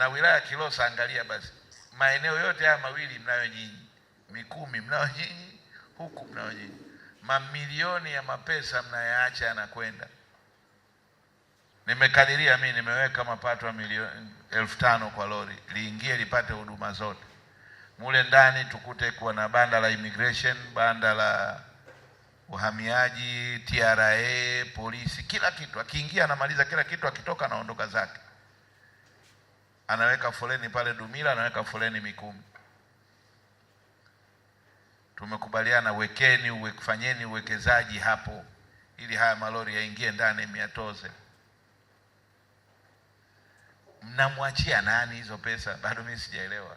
na wilaya Kilosa, angalia basi maeneo yote haya mawili mnayo nyinyi, Mikumi mnayo nyinyi, huku mnayo nyinyi. Mamilioni ya mapesa mnayaacha yanakwenda. Nimekadiria mimi, nimeweka mapato ya milioni elfu tano kwa lori liingie lipate huduma zote mule ndani, tukute kuwa na banda la immigration, banda la uhamiaji, TRA, polisi, kila kitu. Akiingia anamaliza kila kitu, akitoka anaondoka zake anaweka foleni pale Dumila, anaweka foleni Mikumi. Tumekubaliana, wekeni fanyeni uwekezaji hapo ili haya malori yaingie ndani miatoze. Mnamwachia nani hizo pesa? Bado mimi sijaelewa.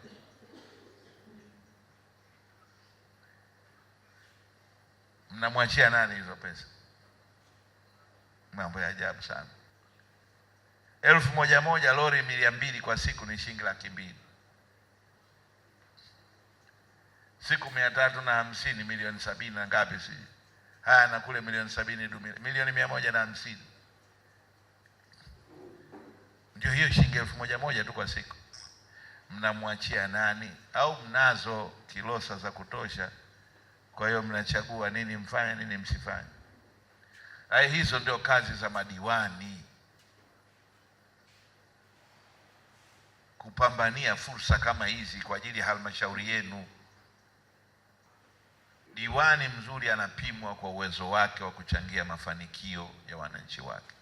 Mnamwachia nani hizo pesa? Mambo ya ajabu sana elfu moja moja lori milia mbili kwa siku ni shilingi laki mbili siku mia tatu na hamsini milioni sabini na ngapi si haya na kule milioni sabini milioni mia moja na hamsini ndio hiyo shilingi elfu moja moja tu kwa siku mnamwachia nani? Au mnazo Kilosa za kutosha? Kwa hiyo mnachagua nini mfanye, nini msifanye. Ai, hizo ndio kazi za madiwani. kupambania fursa kama hizi kwa ajili ya halmashauri yenu. Diwani mzuri anapimwa kwa uwezo wake wa kuchangia mafanikio ya wananchi wake.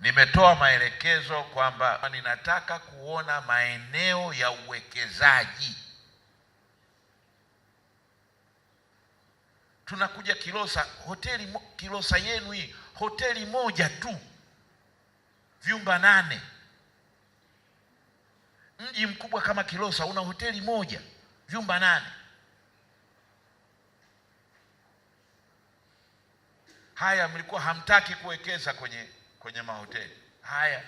Nimetoa maelekezo kwamba ninataka kuona maeneo ya uwekezaji. Tunakuja Kilosa, hoteli Kilosa yenu hii hoteli moja tu vyumba nane Mji mkubwa kama Kilosa una hoteli moja vyumba nane. Haya mlikuwa hamtaki kuwekeza kwenye kwenye mahoteli haya.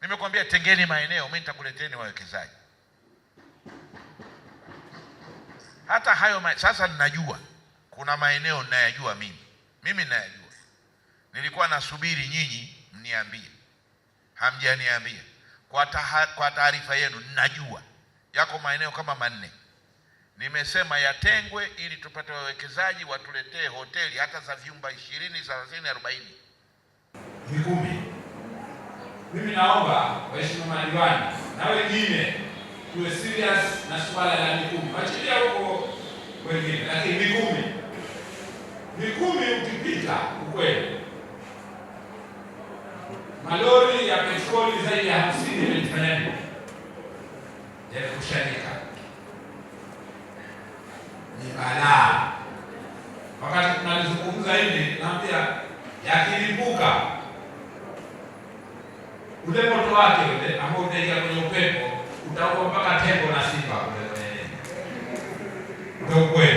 Nimekwambia tengeni maeneo, mimi nitakuleteni wawekezaji hata hayo ma... Sasa ninajua kuna maeneo ninayajua mimi, mimi ninayajua, nilikuwa nasubiri nyinyi mniambie, hamjaniambia. Kwa taarifa yenu najua yako maeneo kama manne nimesema yatengwe ili tupate wawekezaji watuletee hoteli hata za vyumba ishirini thelathini arobaini vikumi. Mimi naomba waheshimiwa madiwani na wengine tuwe serious na suala la Mikumi, wachilia huko wengine, lakini Mikumi, Mikumi ukipita ukweli malori ya petroli zaidi ya hamsini yalifanyaje? Yalikushanyika. Ni balaa. Wakati tunalizungumza hivi, naambia yakilipuka, ule moto wake ule ambao unaingia kwenye upepo utaua mpaka tembo na simba kule kwenye ndio kweli.